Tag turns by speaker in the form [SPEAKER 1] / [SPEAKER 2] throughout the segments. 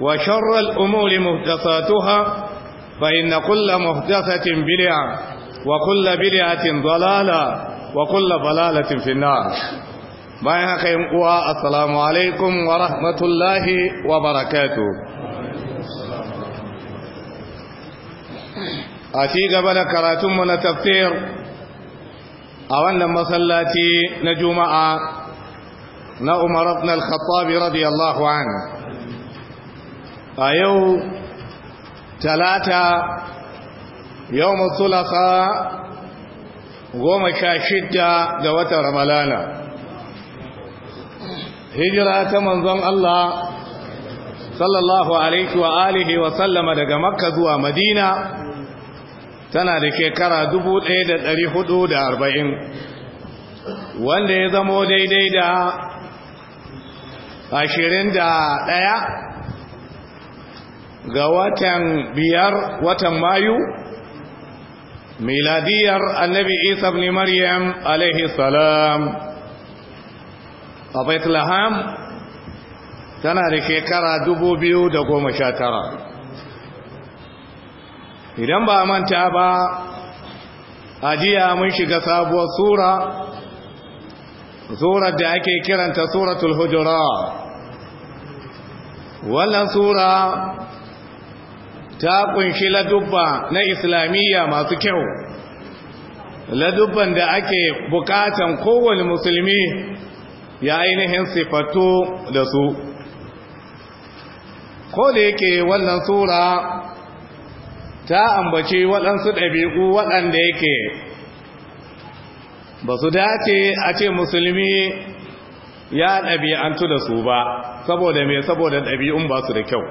[SPEAKER 1] وشر الأمور مهدثاتها فإن كل مهدثة بلع وكل بلعة ضلالة وكل ضلالة في النار ما يحقين قواء السلام عليكم ورحمة الله وبركاته أتي قبل كراتم من التفسير أولا مصلاتي نجوم آه، نعم آ نأمر الخطاب رضي الله عنه a yau talata yau matsulasa goma sha shida ga wata ramalana hijira ta manzon Allah sallallahu alaihi wa alihi wa sallama daga makka zuwa madina tana da shekara dubu ɗaya da da ɗari arba'in, wanda ya zamo daidai da ashirin da
[SPEAKER 2] ɗaya.
[SPEAKER 1] ga watan biyar watan mayu miladiyar annabi isa ibn maryam alaihi salam a bethlehem tana da shekara tara. idan ba a manta ba a jiya mun shiga sabuwar sura surar da ake kiranta suratul hujura wannan sura ta kunshi ladubba na islamiyya masu kyau ladubban da ake bukatan kowane musulmi ya ainihin sifatu da su ko da yake wannan sura ta ambaci waɗansu ɗabi'u waɗanda yake ba su dace a ce musulmi ya ɗabi'antu da su ba saboda mai saboda ɗabi'un ba su da kyau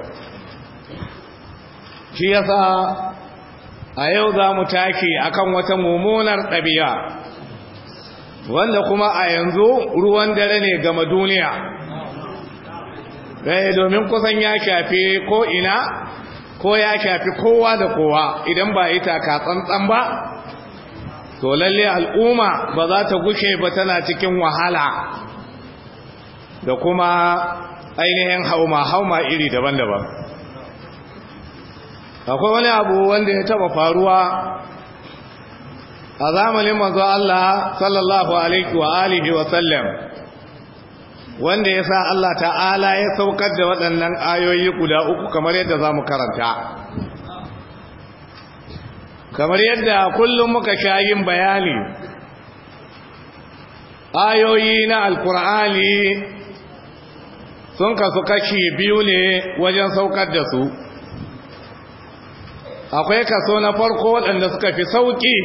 [SPEAKER 1] shi yasa a yau za mu take akan wata mummunar ɗabi'a wanda kuma a yanzu ruwan dare ne gama duniya ɗaya eh, domin kusan ya shafi ko ina ko ya shafi kowa da kowa idan ba yi taka tsantsan ba to lalle al'umma ba za ta gushe ba tana cikin wahala da kuma ainihin hauma hauma iri daban-daban akwai wani abu wanda ya taba faruwa a zamanin manzo Allah sallallahu alaihi wa alihi wa sallam wanda ya sa Allah ta'ala ya saukar da waɗannan ayoyi guda uku kamar yadda za mu karanta kamar yadda kullum muka sha yin bayani ayoyi na alkur'ani sun kasu kashi biyu ne wajen saukar da su akwai kaso na farko waɗanda suka fi sauƙi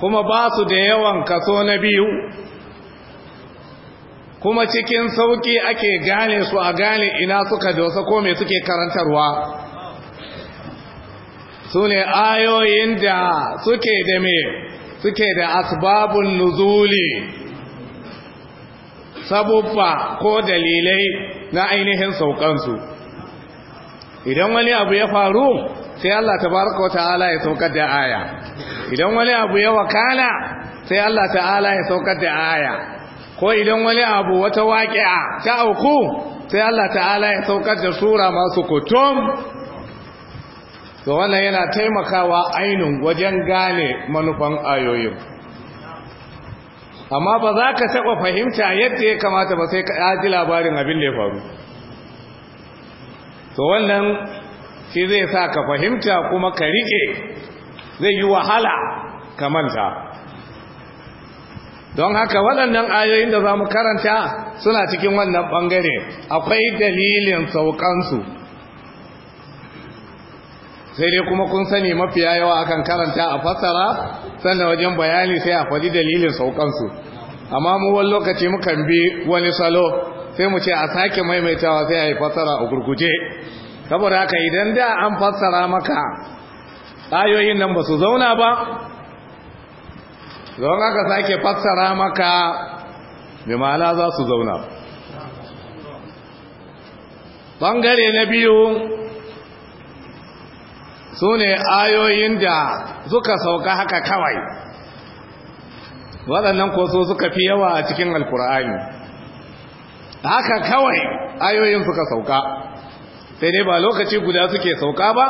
[SPEAKER 1] kuma ba su da yawan kaso na biyu kuma cikin sauƙi ake gane su a gane ina suka dosa ko me suke karantarwa su ne ayoyin da suke da me suke da asbabun nuzuli sabubba ko dalilai na ainihin saukansu idan wani abu ya faru sai Allah tabaraka wata'ala ya saukar da aya idan wani abu ya wakana, sai Allah ta'ala ya saukar da aya ko idan wani abu wata waƙi'a ta auku sai Allah ta'ala ya saukar da sura masu kutum to wannan yana taimakawa ainihin wajen gane manufan ayoyin amma ba za ka taɓa fahimta yadda ya kamata ba sai ka ji labarin abin da ya faru to wannan shi zai sa ka fahimta kuma ka rike zai yi wahala ka manta don haka waɗannan ayoyin da za mu karanta suna cikin wannan ɓangare akwai dalilin saukansu sai dai kuma kun sani mafiya yawa akan karanta a fassara sannan wajen bayani sai a faɗi dalilin saukansu amma mu wani lokaci mukan bi wani salo sai mu ce a sake maimaitawa sai a yi fassara a gurguje saboda haka idan da an fassara maka ayoyin nan ba su zauna ba zaun aka sake fassara maka mai ma'ana za su zauna ɓangare na biyu su ne ayoyin da suka sauka haka kawai waɗannan ko suka fi yawa a cikin alkur'ani haka kawai ayoyin suka sauka sai dai ba lokaci guda suke sauka ba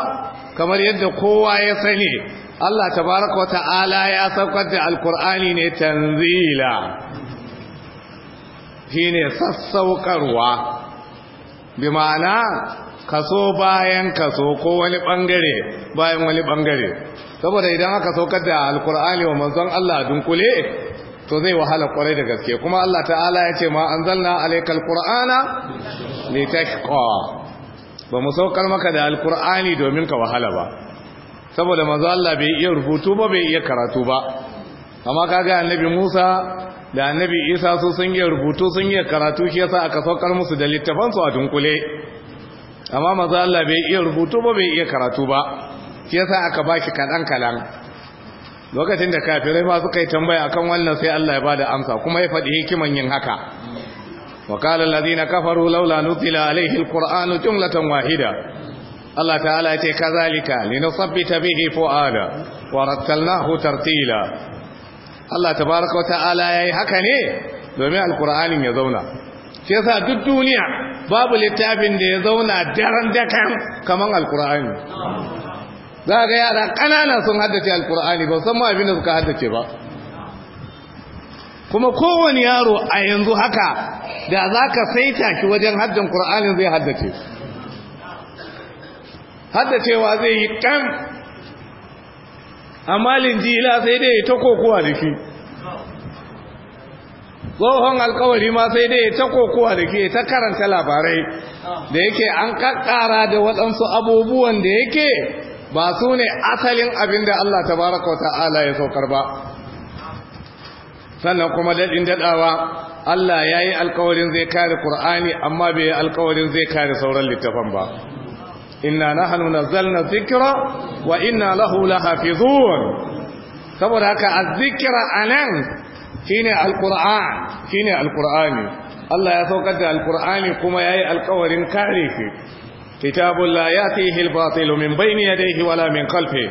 [SPEAKER 1] kamar yadda kowa ya sani Allah tabaraka wa ta'ala ya saukar da alkur'ani ne tanzila shine sassaukarwa bi ma'ana kaso bayan kaso ko wani bangare bayan wani bangare saboda idan aka saukar da alkur'ani wa manzon Allah dunkule to zai wahala kwarai da gaske kuma Allah ta'ala ya ce ma an anzalna alaykal qur'ana litashqa ba mu saukar maka da alqur'ani domin ka wahala ba saboda manzo Allah bai iya rubutu ba bai iya karatu ba amma kaga annabi Musa da annabi Isa su sun iya rubutu sun iya karatu shi yasa aka saukar musu da littafan a dunkule amma manzo Allah bai iya rubutu ba bai iya karatu ba shi yasa aka baki kadan kalan lokacin da kafirai ba suka yi tambaya akan wannan sai Allah ya bada amsa kuma ya faɗi hikiman yin haka wa qala allazina kafaru laula nuzila alayhi alquranu jumlatan wahida Allah ta'ala yace kazalika linusabbita bihi fuada wa rattalnahu tartila Allah tabaaraka wa ta'ala yayi haka ne domin alquranin ya zauna shi yasa duk duniya babu littafin da ya zauna daren dakan kaman alqurani za a ga yara ƙanana sun haddace alkur'ani ba san ma abin da suka haddace ba kuma kowane yaro a yanzu haka da za ka saita ki wajen haddan kur'anin zai haddace haddacewa zai yi a amalin jila sai dai ya ta kokowa da shi tsohon alkawari ma sai dai ya ta kokowa da ke ta karanta labarai da yake an kakkara da waɗansu abubuwan da yake ba su ne asalin abin da Allah tabaraka wa ta'ala ya saukar ba sannan kuma daɗin daɗawa Allah ya yi alkawarin zai kare Kur'ani amma bai yi alkawarin zai kare sauran littafan ba inna nahnu nazzalna dhikra wa inna lahu zuwan. saboda haka zikira anan shine alqur'an shine Allah ya saukar da alkur'ani kuma yayi alkawarin kare shi كتاب لا يأتيه الباطل من بين يديه ولا من خلفه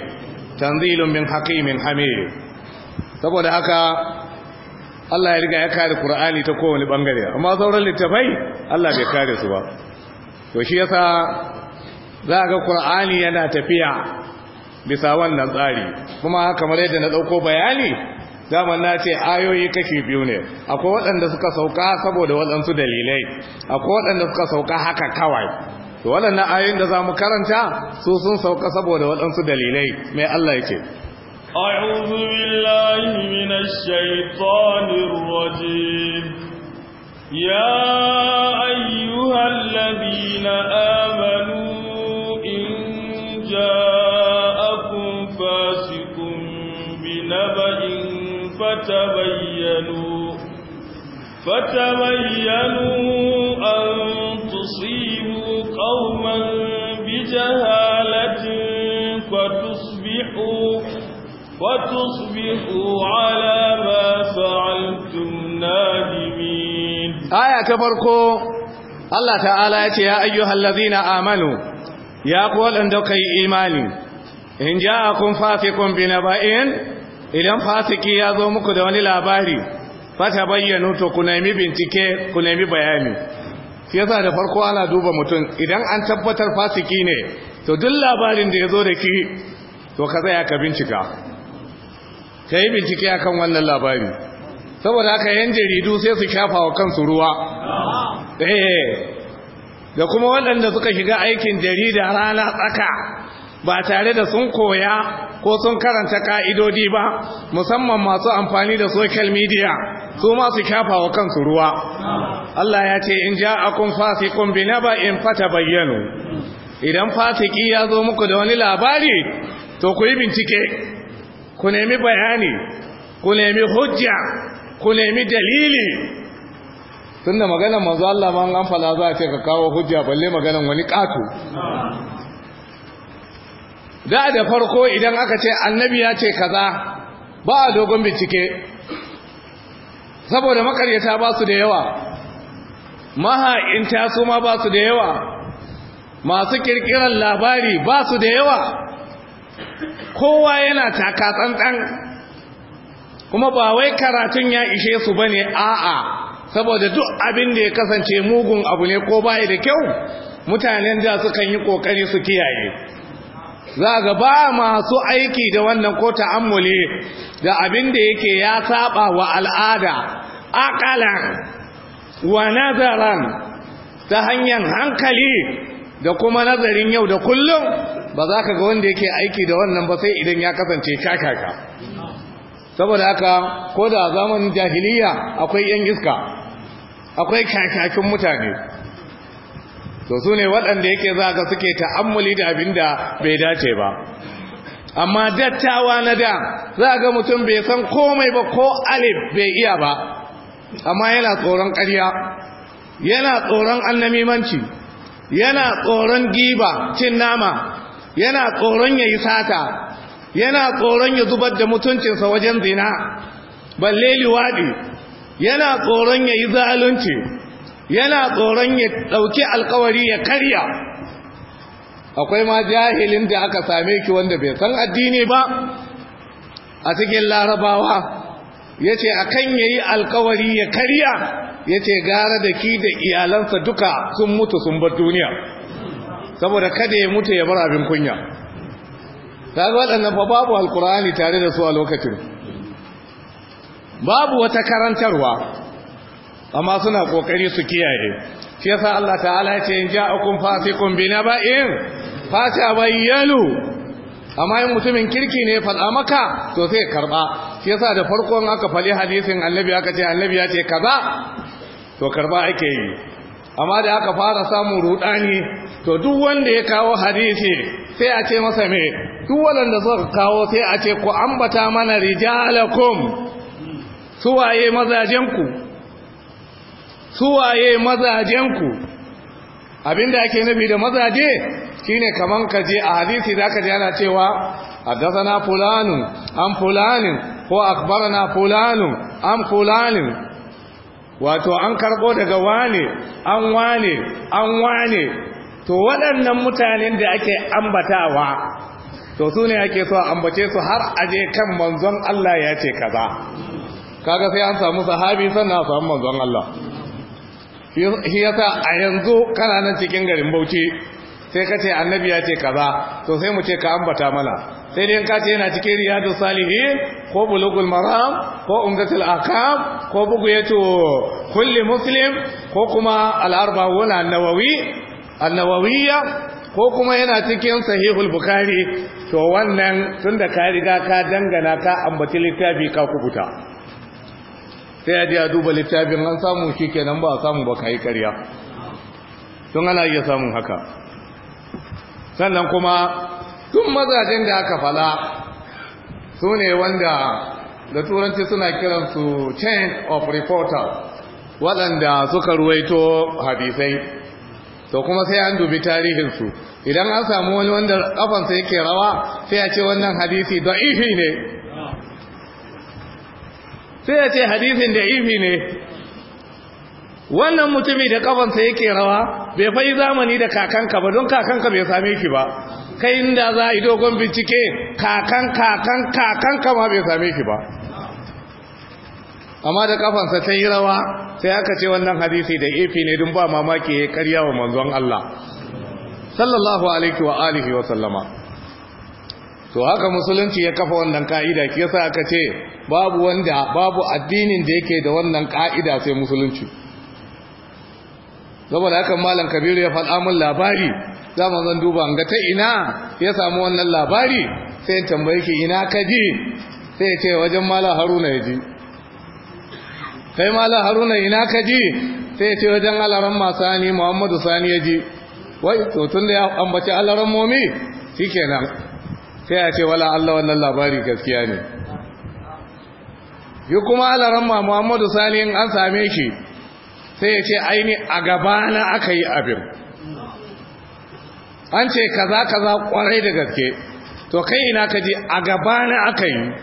[SPEAKER 1] تنزيل من حكيم حميد saboda haka Allah ya riga ya kare Qur'ani ta kowane bangare amma sauran littafai Allah bai kare su ba to shi yasa za ga Qur'ani yana tafiya bisa wannan tsari kuma kamar yadda na dauko bayani Zaman na ce ayoyi kashi biyu ne akwai waɗanda suka sauka saboda waɗansu dalilai akwai waɗanda suka sauka haka kawai to waɗannan ayoyin da zamu karanta su sun sauka saboda waɗansu dalilai mai Allah yake
[SPEAKER 3] أعوذ بالله من الشيطان الرجيم يا أيها الذين فتبينوا فتبينوا أن قوما بجهالة فتصبحوا فتصبحوا على ما
[SPEAKER 1] فعلتم نادمين آية كبركو الله تعالى يا أيها الذين آمنوا يا قول عندك إيماني إن جاءكم فاسق بنبائين idan fasiki ya zo muku da wani labari fata bayyano to ku nemi bincike ku nemi bayani shi yasa da farko ana duba mutum idan an tabbatar fasiki ne to duk labarin da ya zo da ki to ka tsaya ka bincika ka yi bincike akan wannan labari saboda haka yan jaridu sai su shafa wa kansu ruwa eh, da kuma waɗanda suka shiga aikin jarida rana tsaka ba tare da sun koya ko sun karanta ka'idodi ba musamman masu amfani da social media su masu kyafa wa kansu ruwa Allah ya ce in ja ja'akum fasikun bi in fata bayyano. idan fasiki ya zo muku da wani labari to ku yi bincike ku nemi bayani ku nemi hujja ku nemi dalili tunda maganar manzo Allah ma an fala za ce ka kawo hujja balle maganar wani katu da da farko idan aka ce annabi ya ce kaza ba a dogon bincike saboda makaryata ba su da yawa maha'inta su ma ba su da yawa masu kirkirar labari ba su da yawa kowa yana taka tsantsan kuma ba wai karatun ya ishe su bane a'a saboda duk abin da ya kasance mugun abu ne ko baya da kyau mutanen da sukan yi kokari su kiyaye za ga ba masu aiki da wannan ko ta'ammuli da abin da yake ya saba wa al'ada aqalan wa nazaran ta hanyar hankali da kuma nazarin yau da kullum ba za ka ga wanda yake aiki da wannan ba sai idan ya kasance kakaka saboda haka ko da zamanin jahiliya akwai yan iska akwai kakakin mutane to su ne waɗanda yake za ka suke ta'ammuli da abin da bai dace ba amma dattawa na da za ga mutum bai san komai ba ko alif bai iya ba amma yana tsoron ƙarya yana tsoron annamimanci yana tsoron giba cin nama yana tsoron ya yi sata yana tsoron ya zubar da mutuncinsa wajen zina balle liwaɗi yana tsoron ya yi zalunci yana tsoron ya ɗauki alkawari ya karya akwai ma jahilin da aka same ki wanda bai san addini ba a cikin larabawa ya ce a kan ya yi alkawari ya karya ya ce gara da ki da iyalansa duka sun mutu sun bar duniya saboda kada ya mutu ya bar abin kunya ta waɗannan fa babu alkur'ani tare da su a lokacin babu wata karantarwa amma suna kokari su kiyaye shi yasa Allah ta'ala ya ce in ja'akum fasiqun bi naba'in fa tabayyalu amma in mutumin kirki ne fa maka to sai karba shi yasa da farkon aka fali hadisin annabi aka ce annabi ya ce kaza to karba ake yi amma da aka fara samun rudani to duk wanda ya kawo hadisi sai a ce masa me duk wanda suka kawo sai a ce ku ambata mana rijalakum suwaye mazajenku suwaye mazajenku abinda ake nufi da mazaje shine kaman ka je a hadisi zaka ji ana cewa haddathana fulanun am fulanin ko akbarana fulanun am fulanin wato an karbo daga wane an wane an wane to waɗannan mutanen da ake ambatawa to sune ne ake so ambace su har a je kan manzon Allah ya ce kaza kaga sai an samu sahabi sannan a samu manzon Allah shi yasa a yanzu kana nan cikin garin bauchi sai ka ce annabi ya ce kaza to sai mu ce ka ambata mana sai dai ka ce yana cikin riyadu salihin ko bulugul maram ko umdatul akam ko bugu yato kulli muslim ko kuma al-arba'un nawawi al nawawiyya ko kuma yana cikin sahihul bukhari to wannan tunda ka riga ka dangana ka ambaci littafi ka kubuta sai ya duba littafin an samu shi kenan ba a samu ba ka yi karya tun ana iya samun haka sannan kuma tun mazajen da aka fala su ne wanda da turanci suna kiransu chain of reporter waɗanda suka ruwaito hadisai to kuma sai an dubi tarihinsu idan an samu wani wanda kafansa yake rawa sai a ce wannan hadisi ihi ne sai ya ce hadisin da ifi ne wannan mutumi da kafansa yake rawa bai fai zamani da kakanka ba don kakanka bai same ki ba kai inda za a yi dogon bincike kakan kakan kakanka ma bai same ki ba amma da kafansa ta yi rawa sai aka ce wannan hadisi da ifi ne don ba mamaki ya karya wa manzon Allah sallallahu alaihi wa alihi wa sallama to haka musulunci ya kafa wannan ka'ida ke sa aka ce babu wanda babu addinin da yake da wannan ka'ida sai musulunci saboda haka malam kabiru ya faɗa mun labari za mu zan duba ga ta ina ya samu wannan labari sai ya tambaye ki ina ka ji sai ya ce wajen malam haruna ya ji kai malam haruna ina ka ji sai ya ce wajen alaran masani muhammadu sani ya ji wai to tun da ya ambaci alaran momi shikenan sai a ce wala Allah wannan labari gaskiya ne yi kuma alaran ma Muhammadu Sani an same shi sai ya ce aini a gabana aka yi abin an ce kaza kaza kwarai da gaske to kai ina ka ji a gabana aka yi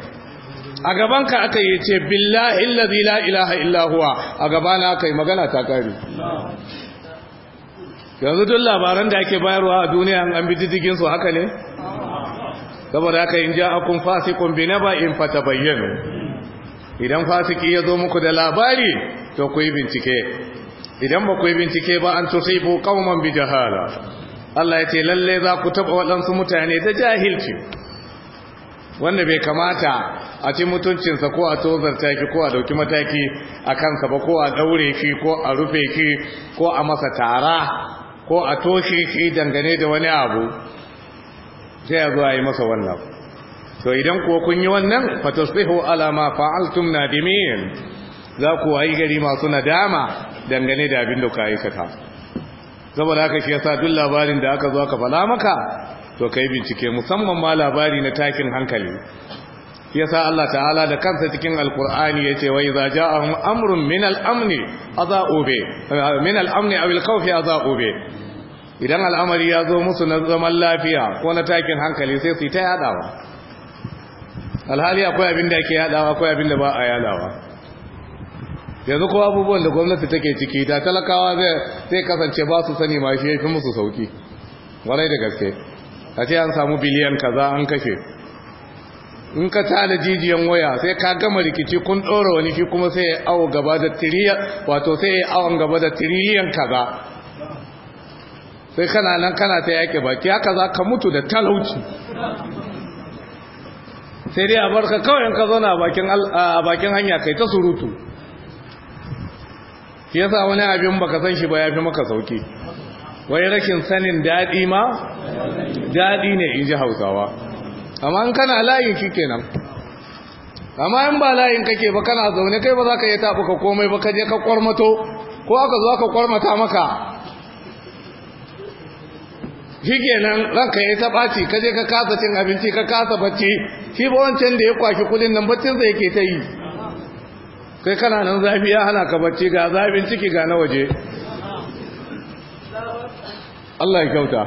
[SPEAKER 1] a gabanka aka yi ce billahi illa la ilaha illa huwa a gabana aka yi magana ta kari yanzu duk labaran da ake bayarwa a duniya an bi diddigin su haka ne saboda haka in ja'akum fasiqun fata fatabayyanu idan fasiki ya zo muku da labari to ku yi bincike idan ba ku yi bincike ba an tusibu qauman bi jahala Allah ya ce lalle za ku taba waɗansu mutane da jahilci wanda bai kamata a ci mutuncinsa ko a tozarta ki ko a dauki mataki a kansa ba ko a daure shi ko a rufe shi ko a masa tara ko a toshe shi dangane da wani abu sai a yi masa wannan to idan kuwa kun yi wannan fatasbihu ala ma fa'altum nadimin za ku yi gari masu nadama dangane da abin da ka aikata saboda haka shi yasa duk labarin da aka zo aka fada maka to kai bincike musamman ma labari na takin hankali yasa Allah ta'ala da kansa cikin alkur'ani yace ce wai ja'ahum amrun min al-amn min al-amn aw al-khawf idan al'amari ya zo musu na zaman lafiya ko na takin hankali sai su yi ta yadawa alhali akwai abin da ke yadawa akwai abin da ba a yadawa yanzu ko abubuwan da gwamnati take ciki da talakawa zai kasance ba su sani ma shi ya fi musu sauki warai da gaske a ce an samu biliyan kaza an kashe in ka tada jijiyan waya sai ka gama rikici kun ɗora wani shi kuma sai ya awo gaba da tiriyan wato sai ya awon gaba da tiriyan kaza sai kana nan kana ta yake baki haka za ka mutu da talauci sai dai a barka kawai ka zauna a bakin hanya kai ta surutu fiye yasa wani abin baka san shi ba ya fi maka sauki wai rashin sanin daɗi ma daɗi ne in ji hausawa amma in kana layin shi kenan amma in ba layin kake ba kana zaune kai ba za ka yi ka komai ba ka je ka kwarmato ko aka zo aka kwarmata maka nan, ranka ya ta baci ka je ka kasa cin abinci ka kasa bacci shi ba wancan da ya kwashi kudin nan baccin zai ke ta yi kai kana nan zafi ya hana ka bacci ga zafin ciki ga na waje Allah ya kyauta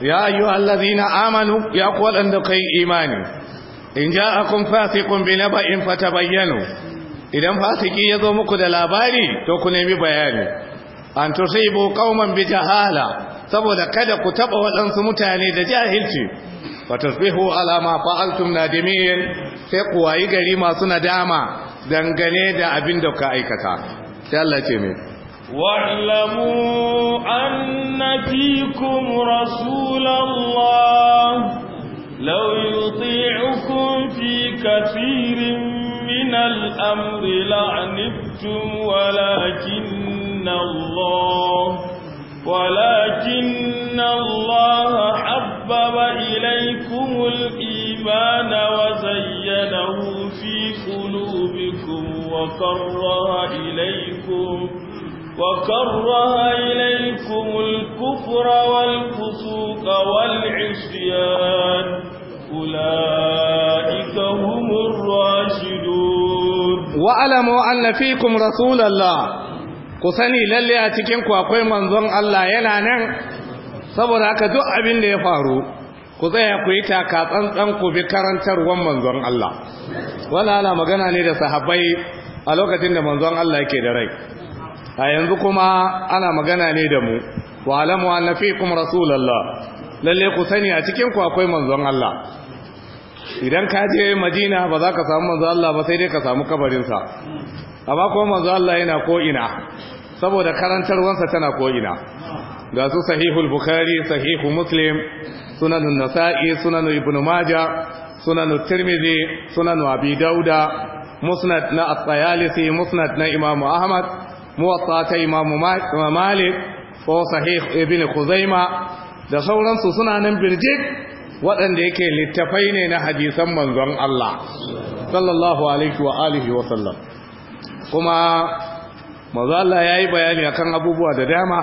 [SPEAKER 1] ya zina, amanu ya ku da kai imani in ja ja'akum fasiqun binaba'in fatabayyanu idan fasiki ya zo muku da labari to ku nemi bayani an tusibu qauman jahala saboda kada ku taba waɗansu mutane da jahilci fa tasbihu ala ma fa'altum nadimin sai ku yi gari masu nadama dangane da abin da ka aikata sai mai. ce me
[SPEAKER 3] wa'lamu anna fikum rasulullah law yuti'ukum fi kathirin من الأمر لعنبتم ولكن الله ولكن الله حبب إليكم الإيمان وزينه في قلوبكم وكره إليكم وكره إليكم الكفر والفسوق والعصيان أولئك هم الراشدون
[SPEAKER 1] واعلموا أن فيكم رسول الله ku sani lalle a cikin ku akwai manzon Allah yana nan saboda haka duk abin da ya faru ku tsaya ku yi taka tsantsan ku bi karantarwar manzon Allah wala ana magana ne da sahabbai a lokacin da manzon Allah yake da rai a yanzu kuma ana magana ne da mu wa alamu anna fiikum rasulullah lalle ku sani a cikin ku akwai manzon Allah idan ka je Madina ba za ka samu manzon Allah ba sai dai ka samu kabarin sa amma ko manzon Allah yana ko ina saboda karantarwansa tana ko'ina ga su sahihul bukhari sahihu muslim sunanun nasa'i sunanun ibn maja sunanun tirmidhi sunanun abi dauda musnad na at-tayalisi musnad na imam ahmad muwatta ta imam malik ko sahih ibn khuzaima da sauransu suna nan birjik waɗanda yake littafai ne na hadisan manzon Allah sallallahu alaihi wa alihi wa sallam kuma manzo Allah yayi bayani akan abubuwa da dama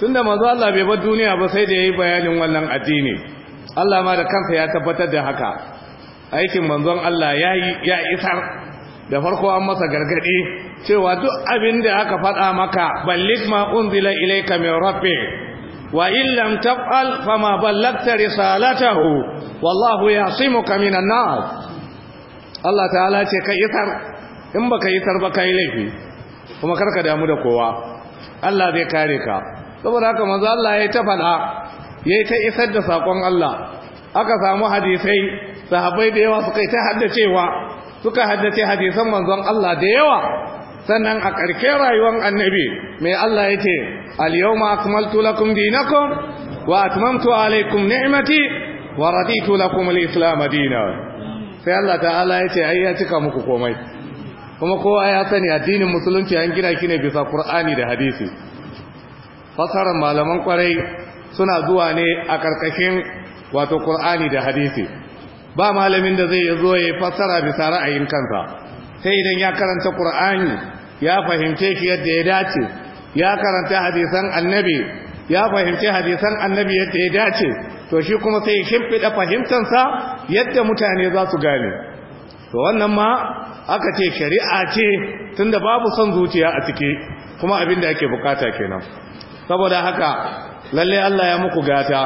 [SPEAKER 1] tunda manzo Allah bai bar duniya ba sai da yayi bayanin wannan addini Allah ma da kansa ya tabbatar da haka aikin manzon Allah yayi ya isar da farko an masa gargadi cewa duk abin da aka faɗa maka ballig ma unzila ilayka min rabbik wa in lam taf'al fama ballagta risalatahu wallahu yasimuka minan nas Allah ta'ala ce ka isar in baka isar ba kai laifi kuma karka damu da kowa Allah zai kare ka saboda haka manzo Allah yayi ta fada yayi ta isar da sakon Allah aka samu hadisai sahabbai da yawa suka ta haddacewa suka haddace hadisan manzon Allah da yawa sannan a karke rayuwar annabi mai Allah yake al-yawma akmaltu lakum dinakum wa atmamtu alaykum ni'mati wa raditu lakum al-islam dinan sai Allah ta'ala yace ai ya cika muku komai kuma kowa ya sani addinin musulunci an gina shi ne bisa qur'ani da hadisi fasarar malaman kwarai suna zuwa ne a karkashin wato qur'ani da hadisi ba malamin da zai zo ya fasara bisa ra'ayin kansa sai idan ya karanta qur'ani ya fahimce shi yadda ya dace ya karanta hadisan annabi ya fahimce hadisan annabi yadda ya dace to shi kuma sai shimfiɗa fahimtansa yadda mutane za su gane to wannan ma aka ce shari'a ce tunda babu son zuciya a ciki kuma abin da ake bukata kenan saboda haka lalle Allah ya muku gata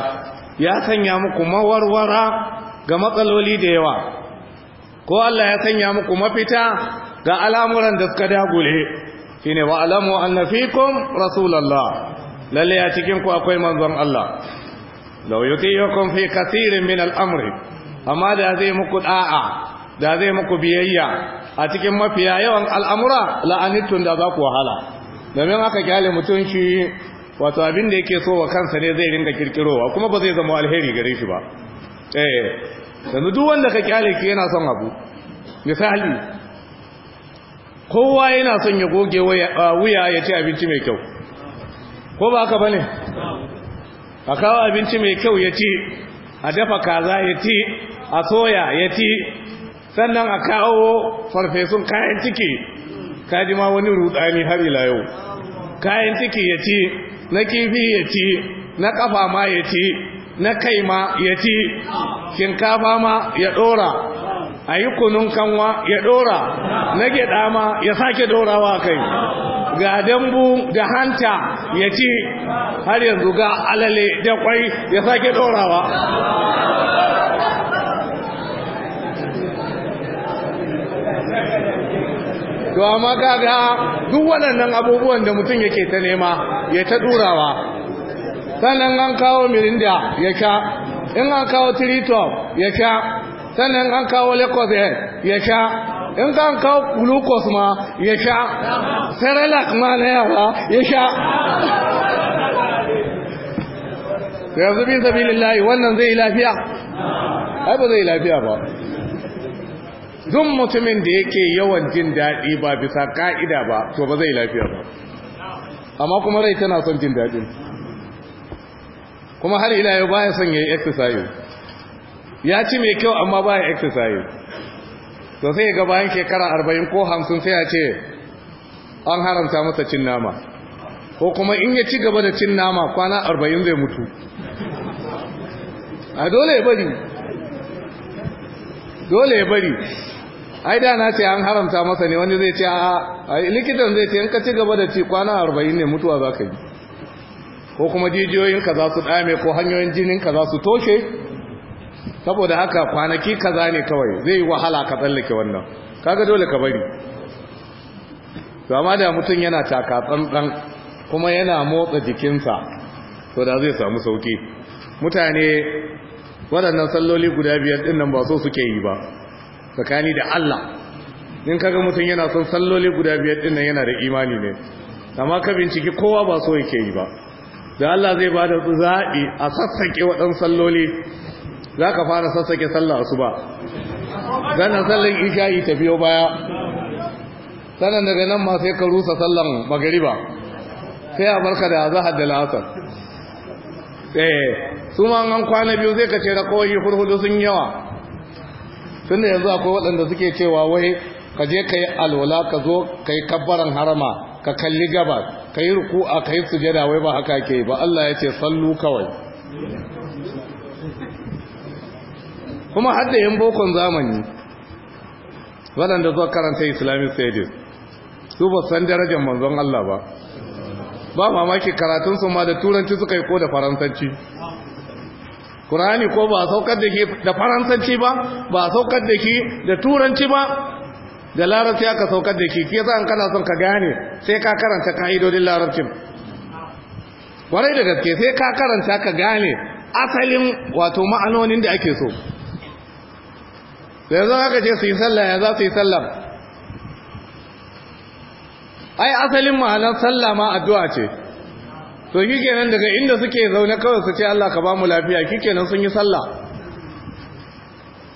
[SPEAKER 1] ya sanya muku mawarwara ga matsaloli da yawa ko Allah ya sanya muku mafita ga al'amuran da suka dagule shine wa alamu anna fikum rasulullah lalle a cikin ku akwai manzon Allah law yutiyakum fi kathirin min al'amri. amma da zai muku da'a da zai muku biyayya a cikin mafiya yawan al'amura la'anittun da za ku wahala domin aka kyale mutum shi wato abin da yake so wa kansa ne zai ringa kirkirowa kuma ba zai zama alheri gare shi ba eh yanzu duk wanda ka kyale ki yana son abu misali kowa yana son ya goge wuya ya ci abinci mai kyau ko ba ba bane a kawo abinci mai kyau ya ci a dafa kaza ya ci a soya ya ci sannan a kawo farfesun kayan ciki kaji ma wani rudani har ila yau kayan ciki ya ci na kifi ya ci na kafa ma ya ci na kai ma ya ci shinkafa ma ya dora a yi kunun kanwa ya dora na gyaɗa ma ya sake dorawa kai ga dambu da hanta ya ci har yanzu ga alale da kwai ya sake dorawa to amma kaga duk wannan abubuwan da mutum yake ta nema ya ta durawa sannan an kawo mirinda ya sha in an kawo triton ya sha sannan an kawo lecozet ya sha in an kawo glucose ma ya sha cerelac ma na yawa ya sha yanzu bin sabilillahi wannan zai lafiya ai ba zai lafiya ba duk mutumin da yake yawan jin daɗi ba bisa ka'ida ba to ba zai lafiya ba amma kuma rai tana son jin daɗin kuma har ila yau ya son yi exercise ya ci mai kyau amma baya exercise to sai ga bayan shekara arba'in ko hamsin sai ya ce an haramta masa cin nama ko kuma in ya ci gaba da cin nama kwana arba'in zai mutu a dole ya bari ai da na ce an haramta masa ne wani zai ce a likitan zai ce in ka ci gaba da ci kwana arba'in ne mutuwa za ka yi ko kuma jijiyoyin ka za su dame ko hanyoyin jinin ka za su toshe saboda haka kwanaki kaza ne kawai zai yi wahala ka tsallake wannan kaga dole ka bari amma da mutum yana taka tsantsan kuma yana motsa jikinsa to da zai samu sauki mutane waɗannan salloli guda biyar ɗin nan ba so suke yi ba tsakani da Allah in kaga mutum yana son salloli guda biyar dinnan yana da imani ne amma ka binciki kowa ba so yake yi ba da Allah zai ba da zaɓi a sassake waɗan salloli za ka fara sassake sallah su ba
[SPEAKER 2] zanen sallan isha'i
[SPEAKER 1] ta biyo baya sannan daga nan ma sai ka rusa sallan magariba sai a barka da zahar da la'asar eh su an kwana biyu zai ka ce rakowar hurhudu sun yawa tunda yanzu akwai waɗanda suke cewa wai ka je ka yi alwala ka zo ka yi kabbaran harama ka kalli gaba ka yi a ka yi sujada wai ba haka ke ba Allah ya ce sallu kawai kuma hadda yin bokon zamani waɗanda zuwa karanta islamic studies su ba san darajar manzon Allah ba ba mamaki karatunsu ma da turanci suka yi ko da faransanci Kur'ani ko ba a saukar da ke da faransanci ba ba a saukar da ke da turanci ba da larabci aka saukar da ke ke za kana son ka gane sai ka karanta ka'idodin larabcin warai da gaske sai ka karanta ka gane asalin wato ma'anonin da ake so da yanzu aka ce su yi sallah ya za su yi sallah ai asalin ma'anar sallah ma addu'a ce to shikenan daga inda suke zaune kawai su ce Allah ka ba mu lafiya shikenan sun yi sallah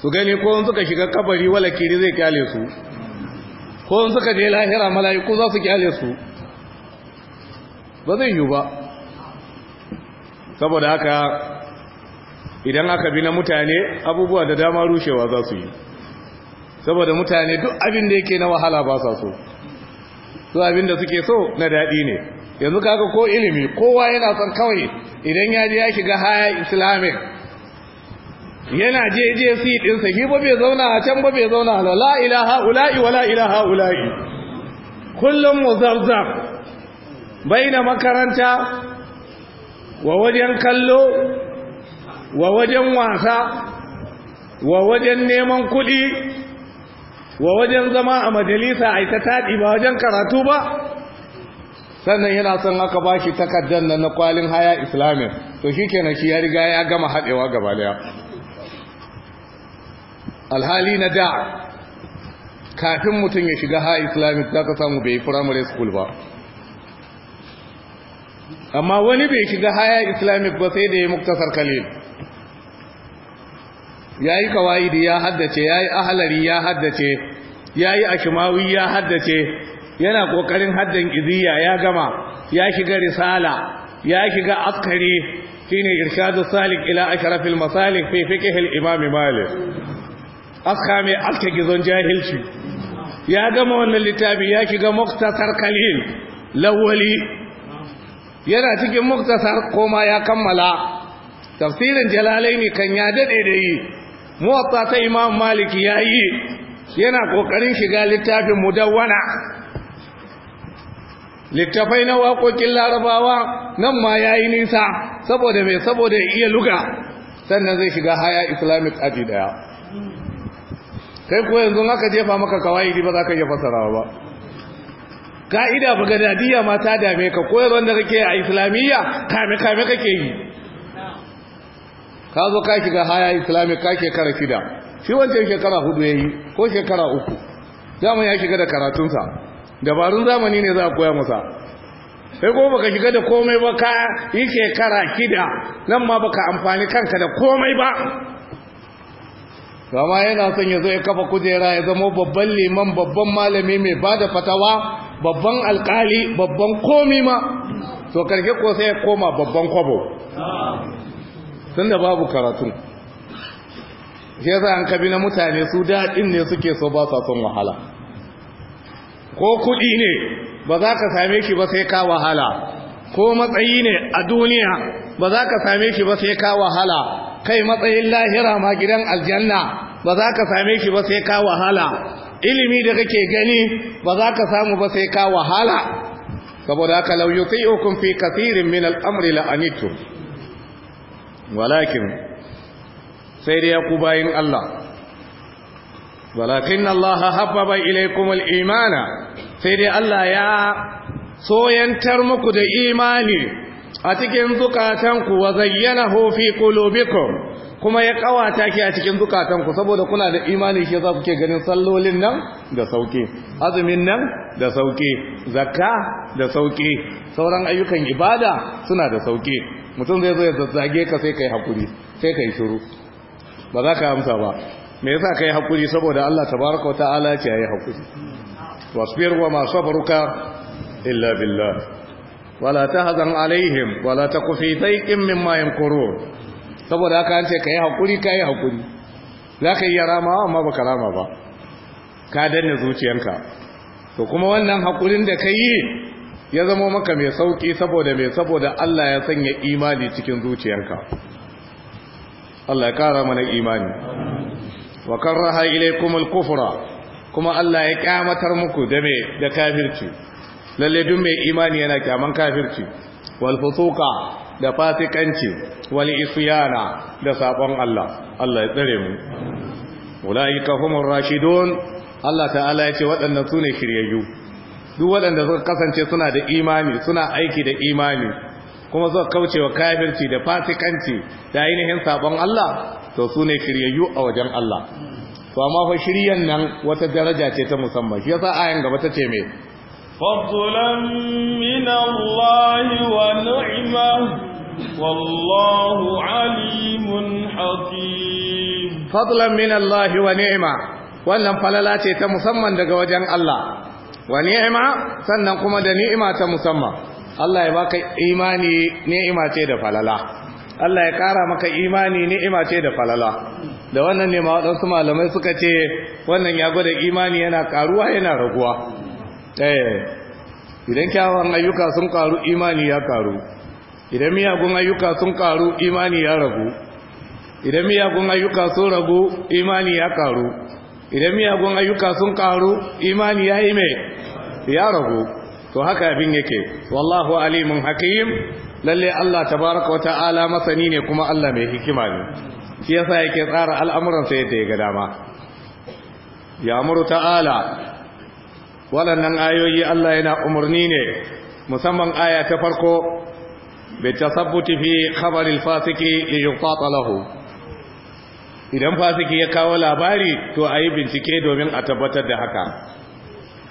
[SPEAKER 1] su gani ko in suka shiga kabari wala kiri zai kyale su ko in suka je lahira mala'iku za su kyale su ba zai yi ba saboda haka idan aka bi na mutane abubuwa da dama rushewa za su yi saboda mutane duk abin da yake na wahala ba sa so su abin da suke so na daɗi ne yanzu kaga ko ilimi kowa yana son kawai idan ya ji ya shiga haya islamic yana JJC ɗinsa shi ba bai zauna a can ba bai zauna a la ilaha ula'i wa la ilaha ula'i kullum mu bai na makaranta wa wajen kallo wa wajen wasa wa wajen neman kuɗi wa wajen zama a majalisa a ita taɗi ba wajen karatu ba sannan yana son aka ba shi takardar nan na kwalin haya islamic to shi kenan shi ya riga ya gama haɗewa gaba daya alhali na da kafin mutum ya shiga haya islamic za ka samu bai yi primary school ba amma wani bai shiga haya islamic ba sai da ya muktasar sarkali. ya yi kawai da ya haddace ya yi ahalari ya haddace ya yi ashimawi ya haddace yana kokarin haddan iziya ya gama ya shiga risala ya shiga askari shine irshadu salik ila ashrafil masalik fi fiqh al imam malik aska mai aska gizon jahilci ya gama wannan littafi ya shiga muktasar kalil lawali yana cikin muktasar koma ya kammala tafsirin jalalaini kan ya dade da yi muwatta ta imam maliki yayi yana kokarin shiga littafin mudawwana littafai na waƙoƙin larabawa nan ma ya yi nisa saboda mai saboda iya luga sannan zai shiga haya islamic aji daya kai ko yanzu aka jefa maka kawai ba za ka iya fasara ba ka'ida ba gadadiyya ma ta dame ka koyarwar da kake a islamiyya kame kame kake yi ka zo ka shiga haya islamic ka shekara shida shi wancan shekara hudu ya yi ko shekara uku dama ya shiga da karatunsa dabarun zamani ne za a koya masa sai ko baka shiga da komai ba ka yi shekara kida nan ma baka amfani kanka da komai ba gama yana son ya kafa kujera ya zama babban liman babban malami mai ba da fatawa babban alkali babban komi ma to karke ko sai ya koma babban kwabo sun da babu karatu shi yasa an kabi na mutane su daɗin ne suke so ba sa son wahala ko kuɗi ne ba za ka same shi ba sai ka wahala ko matsayi ne a duniya ba za ka same shi ba sai ka wahala kai matsayin lahira ma gidan aljanna ba za ka same shi ba sai ka wahala ilimi da kake gani ba za ka samu ba sai ka wahala saboda haka law yuti'ukum fi kathirin min al-amri la'anitum walakin sai dai ku bayin Allah walakin Allah habbaba ilaykum al-imana sai dai Allah ya soyantar muku da imani a cikin zukatanku wa zayyanahu fi qulubikum kuma ya kawata ki a cikin zukatanku saboda kuna da imani shi za ku ke ganin sallolin nan da sauki azumin nan da sauki zakka da sauki sauran ayyukan ibada suna da sauki mutum zai zo ya zazzage ka sai kai hakuri sai kai shiru ba za ka amsa ba me yasa kai hakuri saboda Allah tabaraka wa ta'ala ce yayi hakuri wasbir wa ma sabruka illa billah wala tahzan alaihim wala taqu fi in mimma yamkurun saboda haka an ce kai hakuri kai hakuri zaka yi rama amma baka rama ba ka danna zuciyanka to kuma wannan hakurin da kai ya zama maka mai sauki saboda mai saboda Allah ya sanya imani cikin zuciyarka Allah ya kara mana imani wa karraha ilaykum al-kufra kuma Allah ya kyamatar muku da me da kafirci lalle duk mai imani yana kyaman kafirci wal da fasikanci wal isyana da sabon Allah Allah ya tsare mu ulaika humur rashidun Allah ta'ala ya ce waɗannan sune shiryayyu duk waɗanda suka kasance suna da imani suna aiki da imani kuma kauce kaucewa kafirci da fasikanci da ainihin sabon Allah to su ne shiryayyu a wajen Allah to amma fa shiryan nan wata daraja ce ta musamman shi yasa ayan gaba ta ce me
[SPEAKER 3] fadlan min Allah wa ni'ma
[SPEAKER 1] wallahu
[SPEAKER 3] alimun
[SPEAKER 1] hakim fadlan min Allah wa ni'ma wannan falala ce ta musamman daga wajen Allah wa ni'ma sannan kuma da ni'ima ta musamman Allah ya baka imani ni'ima ce da falala Allah ya kara maka imani ni'ima ce da falala da wannan ne ma wadansu malamai suka ce wannan ya gwada imani yana karuwa yana raguwa eh idan kyawun ayyuka sun karu imani ya karu idan miyagun ayyuka sun karu imani ya ragu idan miyagun ayyuka sun ragu imani ya karu idan miyagun ayyuka sun karu imani ya yi mai ya ragu to haka abin yake wallahu alimun hakim lalle Allah tabaraka wata'ala masani ne kuma Allah mai hikima ne shi yasa yake tsara al'amuran sa yadda ya ga dama ya amuru ta'ala waɗannan ayoyi Allah yana umarni ne musamman aya ta farko bi tasabbuti fi khabaril fasiki yuqata lahu idan fasiki ya kawo labari to ayi bincike domin a tabbatar da haka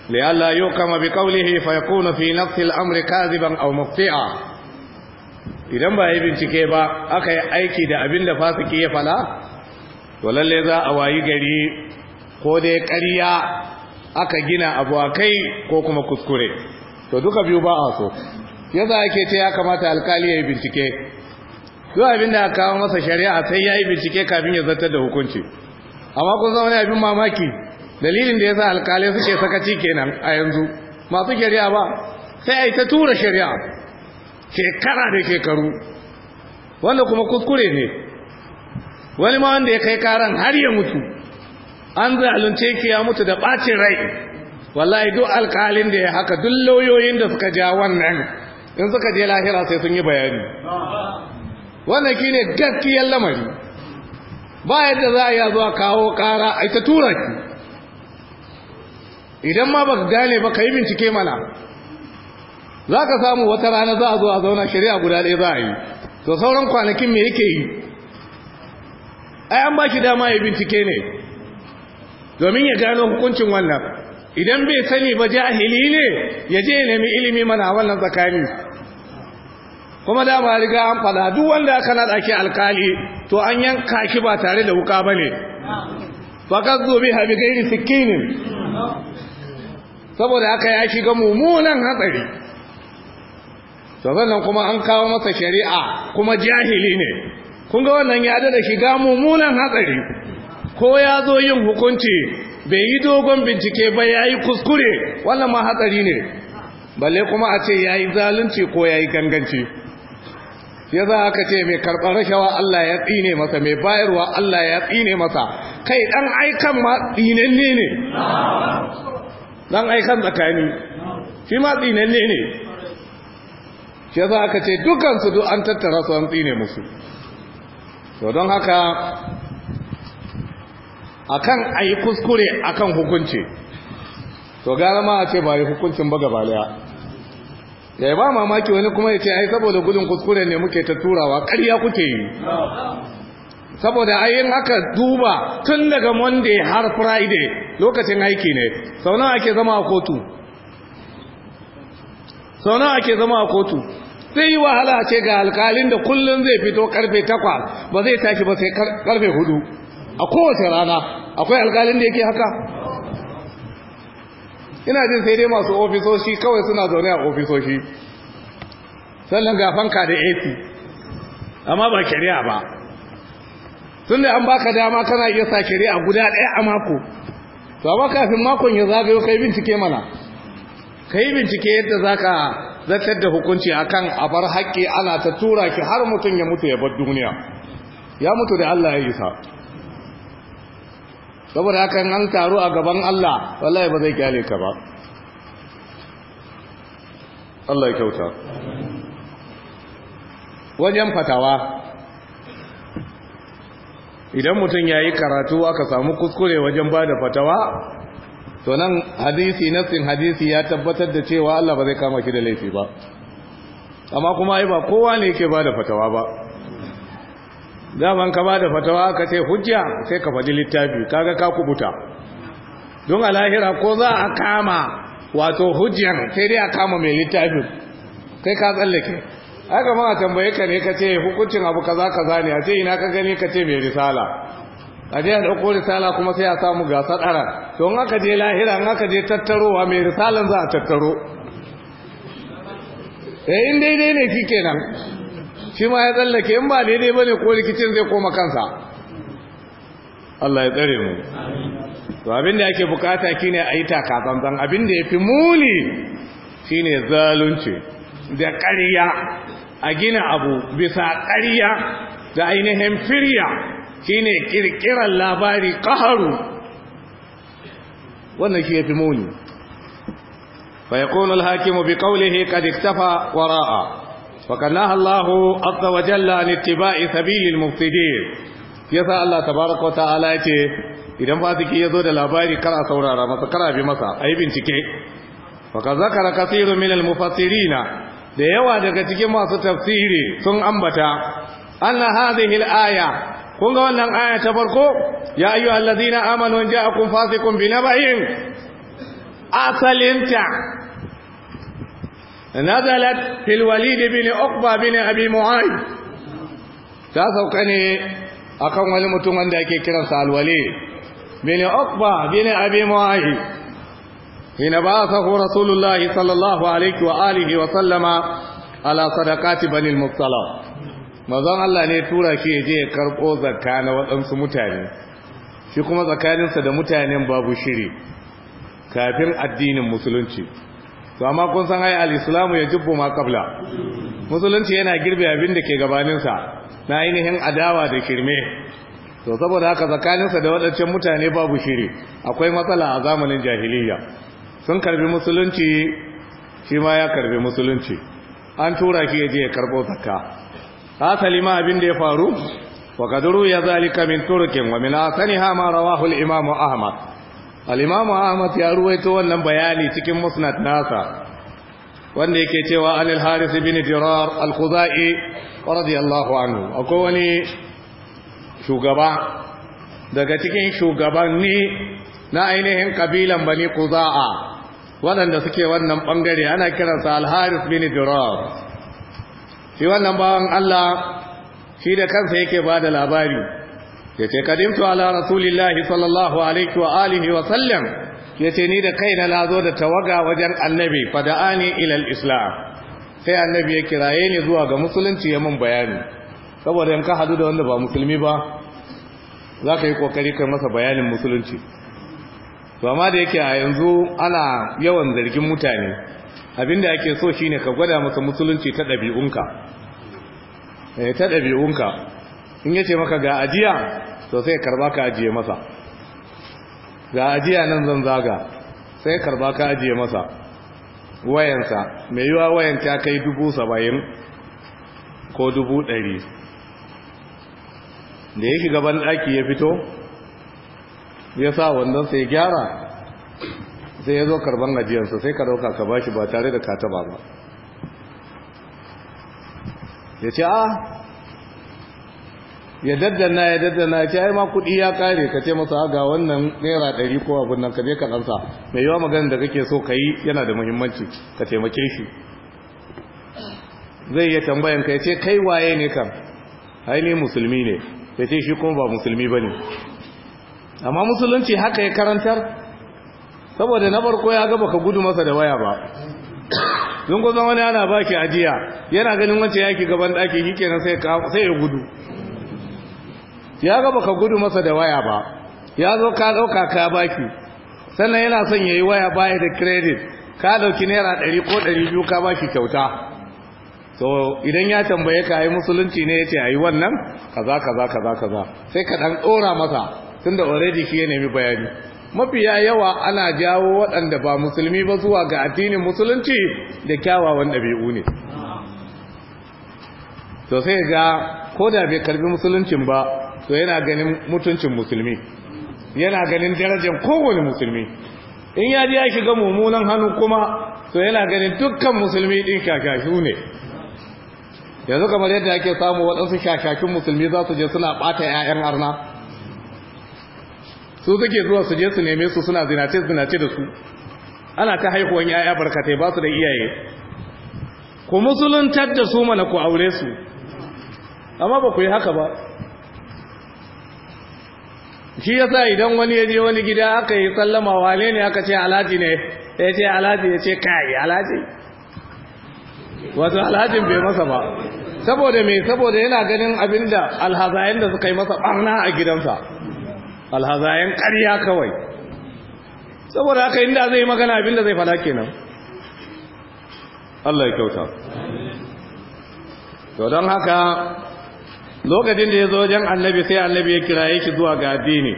[SPEAKER 1] لئلا يقام بقوله فيكون في نفس الأمر كاذبا أو مخطئا idan ba yi bincike ba aka yi aiki da abin da fasiki ya fala to za a wayi gari ko dai ƙarya aka gina abu a kai ko kuma kuskure to duka biyu ba a so a ake ce ya kamata alkali ya yi bincike duk abin da kawo masa shari'a sai ya yi bincike kafin ya zartar da hukunci amma kun zama ne abin mamaki dalilin da ya sa alkalai suke sakaci kenan a yanzu masu shari'a ba sai a yi ta tura shari'a shekara da shekaru wanda kuma kuskure ne wani ma wanda ya kai karan har ya mutu an zalunce ki ya mutu da ɓacin rai wallahi duk alkalin da ya haka duk lauyoyin da suka ja wannan in suka je lahira sai sun yi bayani wannan ki ne gaskiyar lamari ba yadda za a yi zuwa kawo kara yi ta tura ki idan ma ba ka gane ba ka yi bincike mana za ka samu wata rana za a zo a zauna shari'a guda ɗaya za a yi to sauran kwanakin me yake yi ai an ba shi dama ya bincike ne domin ya gano hukuncin wannan idan bai sani ba jahili ne ya je ya nemi ilimi mana wannan tsakani kuma dama riga an fada duk wanda aka naɗa ke alkali to an yanka shi ba tare da wuka ba ne zobe habi gairi sikinin saboda haka ya shiga mummunan hatsari to wannan kuma an kawo masa shari'a kuma jahili ne kun ga wannan ya da shiga mummunan hatsari ko ya zo yin hukunci bai yi dogon bincike ba ya yi kuskure wannan ma hatsari ne balle kuma a ce ya yi zalunci ko ya yi ganganci ya za aka ce mai karɓar rashawa Allah ya tsine masa mai bayarwa Allah ya tsine masa kai ɗan aikan ma tsinanne ne dan aikan tsakani shi ma tsinanne ne shi za aka ce dukansu duk an tattara su an tsine musu to don haka akan ayi kuskure akan hukunci to gara ma a ce ba yi hukuncin ba gabalaya ya ba mamaki wani kuma ya ce ai saboda gudun kuskure ne muke ta turawa ƙarya kuke yi saboda ayin haka duba tun daga monday har friday lokacin aiki ne sau ake zama a kotu sau ake zama a kotu sai yi wahala ce ga alkalin da kullum zai fito karfe takwa ba zai tashi ba sai karfe hudu a kowace rana akwai alkalin da yake haka ina jin sai dai masu ofisoshi kawai suna zaune a ofisoshi sannan ga fanka da ac amma ba shari'a ba tun da an baka dama kana iya sa shari'a guda ɗaya a mako to amma kafin makon ya zagayo kai bincike mana kai bincike yadda zaka zartar da hukunci akan a bar haƙƙi ana ta tura ki har mutum ya mutu ya bar duniya ya mutu da Allah ya isa saboda hakan an taru a gaban Allah wallahi ba zai kyale ka ba Allah ya kyauta wajen fatawa idan mutum ya yi karatu aka samu kuskure wajen ba da fatawa to nan hadisi nassin hadisi ya tabbatar da cewa Allah ba zai kama ki da laifi ba amma kuma ai ba kowa ne yake ba da fatawa ba daman ka ba da fatawa ka ce hujja sai ka faɗi littafi kaga ka kubuta don a lahira ko za a kama wato hujjan sai dai a kama mai littafin kai ka tsallake haka ma tambaye ka ne ka ce hukuncin abu kaza kaza ne a ce ina ka gani ka ce mai risala a je a ɗauko risala kuma sai a samu gasa ara to in aka je lahira in aka je tattarowa mai risalan za a tattaro eh in daidai ne kike kenan shi ma ya tsallake in ba daidai bane ko rikicin zai koma kansa Allah ya tsare mu to abin da yake bukata kine a yi takatsantsan abin da ya fi muni shine zalunci da ƙarya a gina abu bisa ƙarya da ainihin firya shine kirkiran labari ƙaharu wannan shi ya fi muni فيكون الحاكم ka قد اكتفى وراء وقد نهى الله عز وجل عن اتباع سبيل Ya yasa Allah tabaraka wa ta'ala yace idan fasiki yazo da labari kar a saurara masa kar a bi masa yi bincike wa ka zakara mufassirina da yawa daga cikin masu tafsiri sun ambata anna hadhihi al-aya kun ga wannan aya ta farko ya ayyuha allazina amanu ja'akum fasiqun binaba'in asalinta nazalat fil walid bin uqba bin abi mu'ayth ta sauka ne akan wani mutum wanda yake kiransa al-walid bin uqba bin abi mu'ayth حين بعثه رسول الله صلى الله عليه وآله وسلم على صدقات بني المصطلق mazan Allah ne tura shi ya je ya karɓo zakka na waɗansu mutane shi kuma tsakaninsa da mutanen babu shiri kafin addinin musulunci to amma kun san ai al-islamu ya jibbu ma qabla musulunci yana girbe abin da ke gabaninsa na ainihin adawa da shirme to saboda haka tsakaninsa da waɗancan mutane babu shiri akwai matsala a zamanin jahiliya sun karbi musulunci shi ma ya karbi musulunci an tura ki yaje ya karbo zakka asali ma abin da ya faru wa kadru ya zalika min turkin wa min asaniha ma rawahu al-imam ahmad al-imam ahmad ya ruwaito wannan bayani cikin musnad nasa wanda yake cewa anil haris bin dirar al-khuzai radiyallahu anhu akwai wani shugaba daga cikin shugabanni na ainihin kabilan bani kuza'a waɗanda suke wannan ɓangare ana kiransa alharis bin dirar shi wannan bawan Allah shi da kansa yake ba da labari ya ce kadimtu ala rasulillahi sallallahu alaihi wa alihi wa sallam ya ce ni da kaina na zo da tawaga wajen annabi fada'ani ilal islam sai annabi ya kiraye ni zuwa ga musulunci ya mun bayani saboda in ka hadu da wanda ba musulmi ba za ka yi kokari kai masa bayanin musulunci ba da yake a yanzu ana yawan zargin mutane abinda yake so shine ka gwada masa musulunci ta ɗabi'unka eh, ta ɗabi'unka in yace maka ga ajiya to sai karba ka ajiye masa ga ajiya nan zan zaga sai karba ka ajiye masa wayansa mai yiwa wayan ta kai dubu saba'in ko dubu ɗari da ya shiga ɗaki ya fito ya sa wannan sai gyara sai ya zo karban ajiyarsa sai ka dauka ka bashi ba tare da kataba ba ya ce a ah, ya daddana ya daddana Ya ce ai ma kudi ya kare ka ce masa ah, ga wannan naira ɗari ko abin nan ka je ka ɗansa mai yawa magana da kake so ka yi yana da muhimmanci ka taimake shi zai iya tambayan ka ya ce kai waye ne kan ai ne musulmi ne ya ce shi kuma ba musulmi ba ne amma musulunci haka ya karantar saboda na farko ya gaba ka gudu masa da waya ba don kusan wani ana ba baki ajiya yana ganin wancan yaki gaban ɗaki yi kenan sai ya gudu ya gaba ka gudu masa da waya ba ya zo ka ɗauka ka ba ki? sannan yana son ya yi waya baya da kredit ka ɗauki naira ɗari ko ɗari biyu ka ba ki kyauta so idan ya tambaye ka yi musulunci ne ya ce a yi wannan kaza kaza kaza kaza sai ka ɗan ɗora masa tunda already shi ya nemi bayani mafiya yawa ana jawo waɗanda ba musulmi ba zuwa ga addinin musulunci da kyawawan ɗabi'u ne to sai ga ko da bai karbi musuluncin ba to yana ganin mutuncin musulmi yana ganin darajar kowane musulmi in ya ji ya shiga mummunan hannu kuma to yana ganin dukkan musulmi ɗin shashashu ne yanzu kamar yadda ake samu waɗansu shashashun musulmi za su je suna ɓata 'ya'yan arna su suke zuwa su je su neme su suna zinace zinace da su ana ta haihuwan yaya barkatai ba su da iyaye ku musuluntar da su mana ku aure su amma ba ku yi haka ba shi ya sa idan wani ya je wani gida aka yi sallama wale ne aka ce alhaji ne ya ce alhaji ya ce kai alhaji wato alhajin bai masa ba saboda mai saboda yana ganin abinda alhazayen da suka yi masa barna a gidansa alhazayen ƙarya kawai saboda haka inda zai magana abin da zai fada kenan Allah ya kyauta to don haka lokacin da ya zo wajen annabi sai annabi ya kira yake zuwa ga addini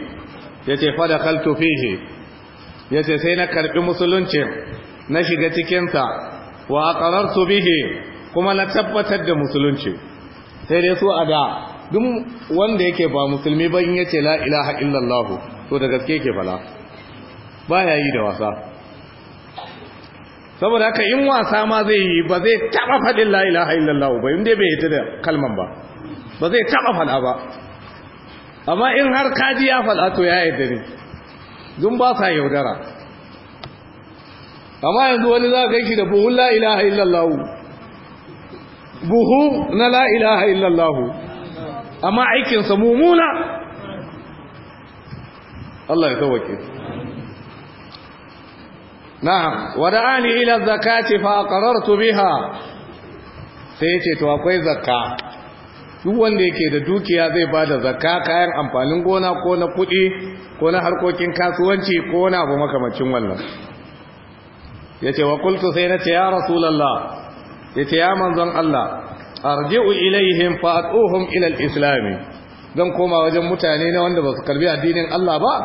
[SPEAKER 1] ya ce fada kaltu fihe ya ce sai na karɓi musulunci na shiga cikinsa wa a bihe kuma na tabbatar da musulunci sai dai su a da duk wanda yake ba musulmi ba in yace la ilaha illallah to da gaske yake bala baya yi da wasa saboda haka in wasa ma zai yi ba zai taba fadin la ilaha illallah ba inda bai yi da kalman ba ba zai taba fada ba amma in har kaji ya fada to ya yi dare dun ba sa yaudara amma yanzu wani za ka yi da buhun la ilaha illallah buhu na la ilaha illallah amma aikinsa mummuna Allah ya tawake na'am wada'ani ila zakati fa aqarartu biha sai yace to akwai zakka duk wanda yake da dukiya zai bada zakka kayan amfanin gona ko na kudi ko na harkokin kasuwanci ko na abu makamacin wannan yace wa qultu sai nace ya rasulullah yace ya manzon Allah arji'u ilaihim fa'atuhum ila al-islam zan koma wajen mutane na wanda ba su karbi addinin Allah ba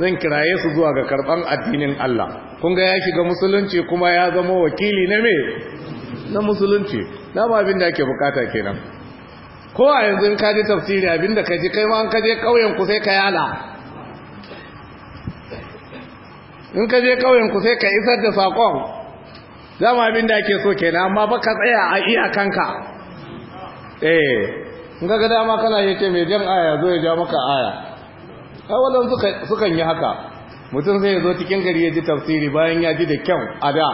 [SPEAKER 1] zan kiraye su zuwa ga karban addinin Allah kun ga ya shiga musulunci kuma ya zama wakili na me na musulunci na ba abin da ake bukata kenan ko a yanzu in ka ji tafsiri abin da ka ji kai ma an ka je kauyen ku sai ka yala in ka je kauyen ku sai ka isar da sakon dama abin da ake so kenan amma ba ka tsaya a iyakanka eh in ga dama kana yi ce mai jan aya zo ya ja maka aya awalan sukan yi haka mutum sai ya zo cikin gari ya ji tafsiri bayan ya ji da kyau a da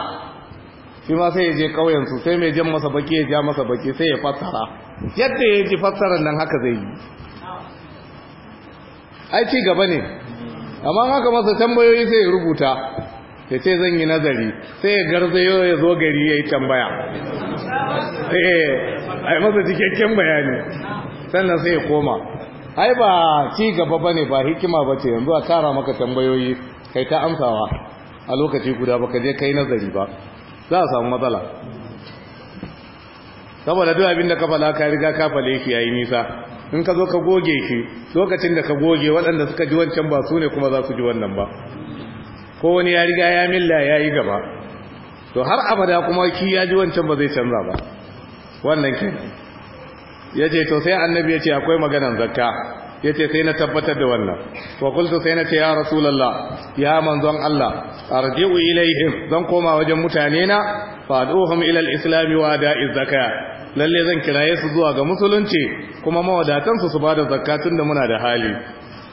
[SPEAKER 1] shi ma sai ya je ƙauyensu sai mai jan masa baki ya ja masa baki sai ya fassara yadda ya ji fassarar nan haka zai yi ai ci gaba ne amma haka masa tambayoyi sai ya rubuta ya ce zan yi nazari sai ya garzayo ya zo gari ya yi tambaya eh, ai masa cikakken bayani sannan sai koma ai ba ci gaba ba ne ba hikima bace yanzu a tara maka tambayoyi kai ta amsawa a lokaci guda ba je kai nazari ba za a samu matsala saboda duk abin da ka fala ka riga ka fale shi yayi nisa in ka zo ka goge shi lokacin da ka goge waɗanda suka ji wancan ba su ne kuma za su ji wannan ba ko wani ya riga ya milla ya yi gaba to har abada kuma shi ya ji wancan ba zai canza ba wannan kenan ce to sai annabi yace akwai maganan zakka ce sai na tabbatar da wannan wa qultu sai na ce ya rasulullah ya manzon Allah arji'u ilaihim zan koma wajen mutane na fa'duhum ila al-islam wa da'i zakka lalle zan kiraye su zuwa ga musulunci kuma mawadatan su su bada zakka da muna da hali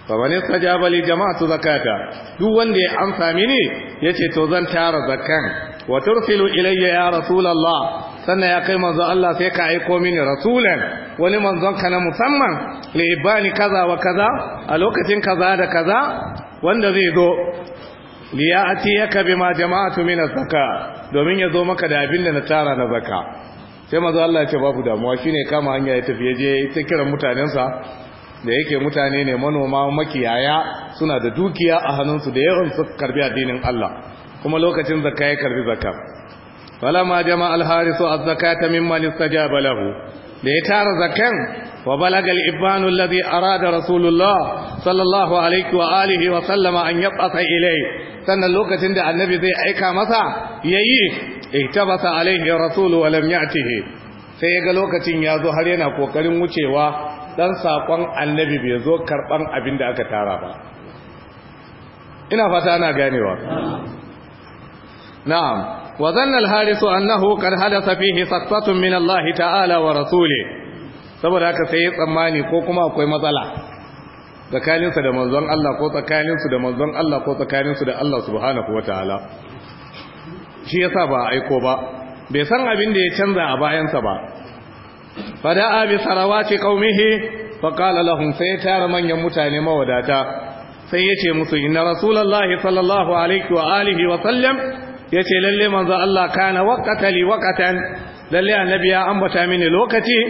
[SPEAKER 1] fa wani sajaba li jama'atu zakata duk wanda ya amsa mini yace to zan tara zakkan wa tursilu ilayya ya rasulullah sannan ya kai manzo Allah sai ka aiko mini rasulan wani manzon ka na musamman li ibani kaza wa kaza a lokacin kaza da kaza wanda zai zo li ati yaka bima jama'atu min zakka domin ya zo maka da abin da na tara na zakka sai manzon Allah ya ce babu damuwa shine kama hanya ya tafi je ta kiran mutanensa da yake mutane ne manoma makiyaya suna da dukiya a hannunsu da yawan su karbi addinin Allah kuma lokacin zakka ya karbi zakka falama jama alharisu az-zakata mimman istajaba lahu da ya tara zakan wa balagal ibanu alladhi arada rasulullah sallallahu alaihi wa wa sallama an ilai sannan lokacin da annabi zai aika masa yayi ihtabasa alaihi rasulu wa lam ya'tihi sai ga lokacin ya zo har yana kokarin wucewa dan saƙon annabi bai zo karban abin da aka tara ba ina fata ana ganewa na'am وظن الحارث أنه قد حدث فيه سقطة من الله تعالى ورسوله saboda haka sai ya tsammani ko kuma akwai matsala tsakaninsa da manzon Allah ko tsakaninsu da manzon Allah ko tsakaninsu da Allah subhanahu Ta'ala. shi ya sa ba aiko ba bai san abin da ya canza a bayansa ba fada'a bi sarawaci qaumihi fa kala lahum sai tara manyan mutane mawadata sai yace musu inna rasulullahi sallallahu alaihi wa alihi wa sallam yace lalle manzo Allah kana waqata li waqatan lalle annabi ya ambata mini lokaci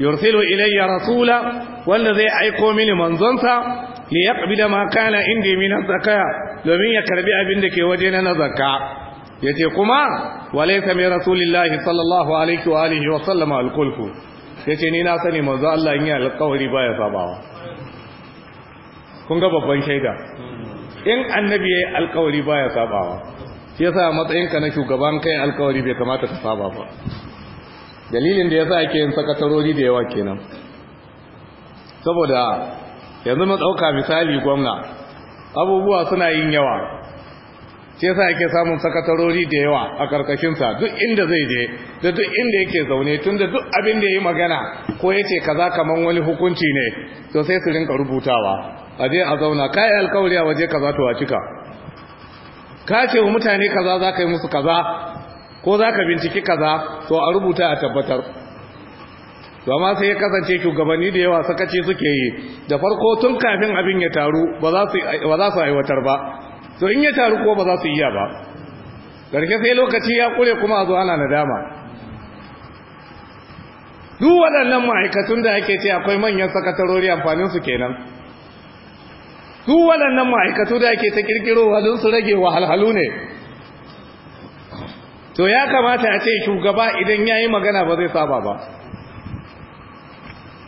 [SPEAKER 1] yursilu ilayya rasula wanda zai aiko mini manzonsa li yaqbida ma kana indi min zakaya domin ya karbi abin da ke waje na zakka yace kuma walaysa min rasulillahi sallallahu alaihi wa alihi wa sallama alqulku yace ni na sani manzo Allah in ya alƙawari baya sabawa kun ga babban shaida in annabi yayi alƙawari baya sabawa shi yasa matsayinka na shugaban kai alkawari bai kamata ka saba ba dalilin da yasa ake yin sakatarori da yawa kenan saboda yanzu mu dauka misali gwamna abubuwa suna yin yawa shi yasa ake samun sakatarori da yawa a karkashin sa duk inda zai je da duk inda yake zaune tunda duk abin da yayi magana ko yace kaza kaman wani hukunci ne to sai su rinka rubutawa a je a zauna kai alkawari a waje kaza to a cika ka ce wa mutane kaza za ka yi musu kaza ko za ka binciki kaza to a rubuta a tabbatar zama sai ya kasance shugabanni da yawa sakaci suke yi da farko tun kafin abin ya taru ba za su aiwatar ba to in ya taru ko ba za su iya ba garke sai lokaci ya kure kuma a zo ana nadama duk waɗannan ma'aikatun da ake ce akwai manyan sakatarori amfaninsu kenan Su waɗannan ma'aikatu da ake ta ƙirƙiro don su rage wahalhalu ne to ya kamata a ce shugaba idan ya yi magana ba zai saba ba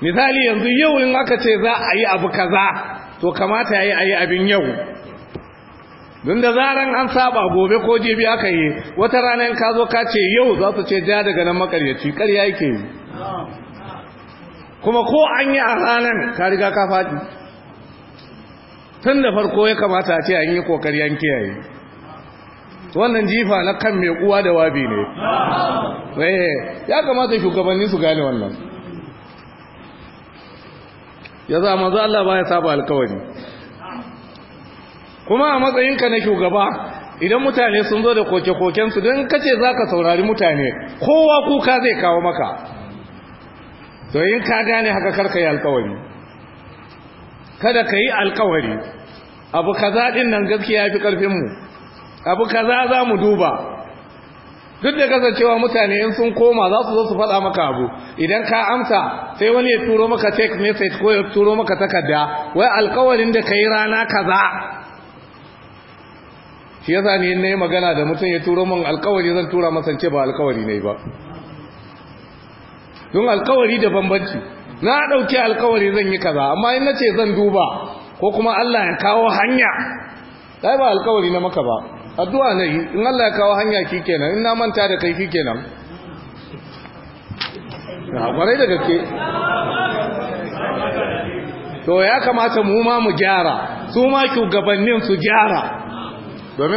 [SPEAKER 1] misali yanzu yau in aka ce za a yi abu kaza to kamata ya yi a abin yau don da zaren an saba gobe ko jibi aka yi wata ranar ka zo ka ce yau za su ce ja daga nan makaryaci karya yake yi kuma ko an yi a ranar ka riga ka faɗi tun da farko ya kamata a ce an yi kokari an kiyaye wannan jifa na kan mai uwa da wabi ne eh, ya kamata shugabanni su gane wannan ya za mazu Allah ba ya saba alkawari kuma a matsayinka na shugaba idan mutane sun zo da koke-kokensu don kace za ka saurari mutane kowa kuka zai kawo maka to yin ka gane haka karka yi alkawari kada ka yi alkawari abu kaza ɗin nan ya fi ƙarfinmu abu kaza za mu duba duk da kasancewa mutane in sun koma za su zo su faɗa maka abu idan ka amsa sai wani ya turo maka take message ko ya turo maka takarda wai alkawarin da ka yi rana kaza shi yasa ne na yi magana da mutum ya turo min alkawari zan tura masance ba alkawari ne ba don alkawari da bambanci na ɗauki alkawari zan yi kaza amma in nace zan duba ko kuma Allah ya kawo hanya dai ba alkawari na maka ba addu'a ne in Allah ya kawo hanya kenan in na manta da kai kenan na kwarai da gaske to ya kamata mu ma mu gyara su ma shugabannin su gyara
[SPEAKER 2] domin